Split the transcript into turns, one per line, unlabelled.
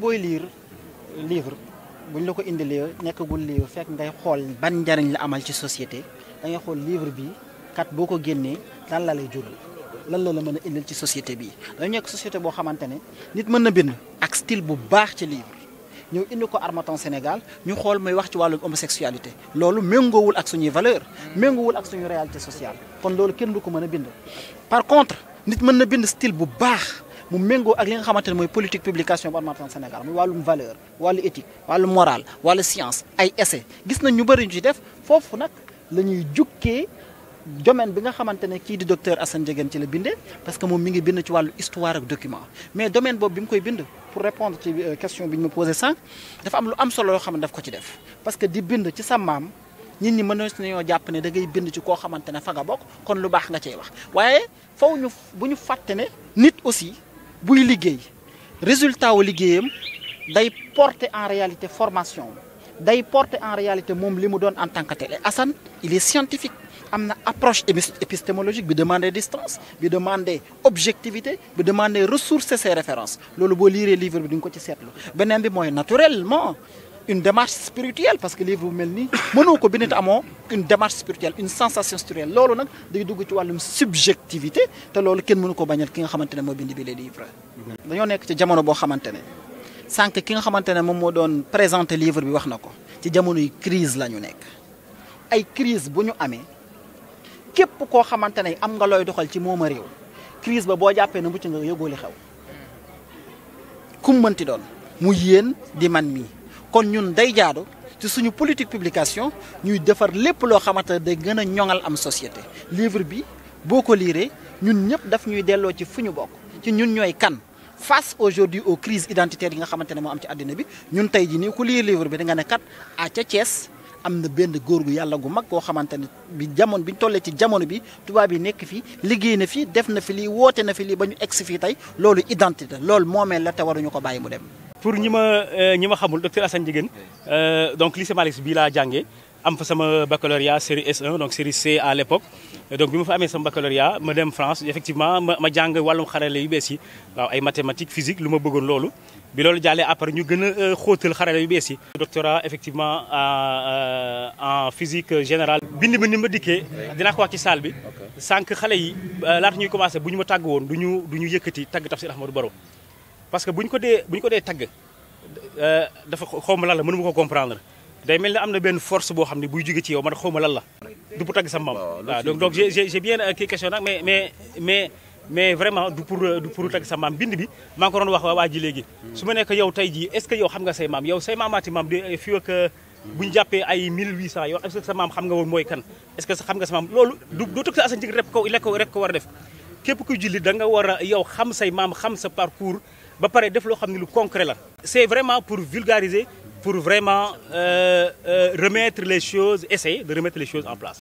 booy lire livre buñ la ko indilee nekkagul livre fek ngay xol ban jarign la amal ci société da ngay xol livre bi kat boko ko génnee la lay jull lan la la mën ci société bi dañu nekk société bo xamantene nit mën bind ak style bu baax ci livre ñeu indi ko Harmattan Sénégal ñu xol muy wax ci walu homosexualité lolu mengowul ak suñu valeur mengowul ak suñu réalité sociale kon lolu kenn du ko mën bind par contre nit mën bind style bu baax mu méngoo ak li nga xamante ne politique publication bu au Sénégal muy wàllum valeur une éthique une morale une science ay essai gis nañ ñu bëri ñu ci def foofu nag la domaine bi nga xamante qui est di docteur Assane Diegane ci la binde, parce que moom mi ngi bind ci wàllu histoire ak document mais domaine boobu bi mu koy bind pour répondre ci euh, question bi ñu me poser ça. dafa am lu am solo yoo xam daf ko ci def parce que di bind ci sa mam, nit ni mën ni jàpp ne da ngay bind ci koo xamante ne fa nga bokk kon lu baax nga cey wax waaye faw ñu bu ñu fàtte nit aussi buy liggéey résultat wu liggéeyam day porter en réalité formation day porter en réalité moom li mu en tant que tel il est scientifique am na approche épistémologique bi demander distance bi demander objectivité bi ressources et ses références loolu boo liiree livre bi di nga ko ci seetlu beneen bi mooy naturellement une démarche spirituelle parce que livre melni mel nii mënoo ko bind te une démarche spirituelle une sensation spirituelle loolu nak day dugg ci walum subjectivité te loolu kenn mënu ko bañal ki nga xamantene mo moo bind bi les livres dañu nek ci jamono bo xamantene sank ki nga xamantene mom mo moo doon présenter livre bi wax na ci jamono crise lañu nek ay crise buñu amé amee képp koo xamante am nga loy doxal ci moma rew crise ba boo jàppee ne mucc nga yëgoo xew kum mënti doon mu yeen di man mii kon ñun day jaadu ci suñu politique publication ñuy defar lépp loo xamante ne day gën a ñoŋal am société livre bi boo ko liiree ñun ñëpp daf ñuy delloo ci fu ñu bokk ci ñun ñooy kan face aujourd'hui aux crises identitaires yi nga xamante ne moo am ci àddina bi ñun tey ji nii ku lire livre bi da nga ne kat a ah, ca Thiès am na benn góor gu yàlla gu mag koo xamante ne bi jamono bi ñu tollee ci jamono bi tubaab bi nekk fii liggéey na fi def na fi lii woote na fi lii ba ñu egsi fii tey loolu identité loolu moomeel la te waruñu ko bàyyi mu dem
pour ñi ma euh, ñi ma xamul docteur Assane euh donc lycée Malick bi la jangé am fa sama baccalauréat série S1 donc série C à l'époque donc bi ma fa amé sama baccalauréat ma dem France effectivement ma ma jàng wàllum xarale yu bees yi waaw ay mathématiques physique luma ma bëggoon loolu bi loolu jàllee après ñu gën a euh, xóotal xarale yu bees yi doctorat effectivement euh, en physique générale bind ma ni ma dikkee dinaa ko wax ci salle bi sànq xale yi laata ñuy commencé bu ñu ma tàgg woon du ñu du ñu yëkkati tàgg Tafsir Ahmadou Baro parce que bu ñu ko dee bu ko dee tagg euh, dafa xaw ma lan la mënu ma ko comprendre day mel ne am na benn force boo xam ne buy jóge ci yow man xaw ma lan la du pour tagg sa maam waaw donc donc j'ai j'ai bien euh, kii question vraiment du pour euh, pour tagg sa maam bind bi maa ngi ko doon wax waa ji léegi su ma nekk yow tey jii est-ce que yow xam nga say maam yow say maamaati maam de eh, fii ak bu ñu jàppee est maam xam nga woon mooy kan est-ce que sa xam nga sa maam loolu du doo sa asan cig rek ko war a def képp kuy jilli da nga war a yow xam say maam xam sa parcours concret c'est vraiment pour vulgariser pour vraiment euh, euh, remettre les choses essayer de remettre les choses en place.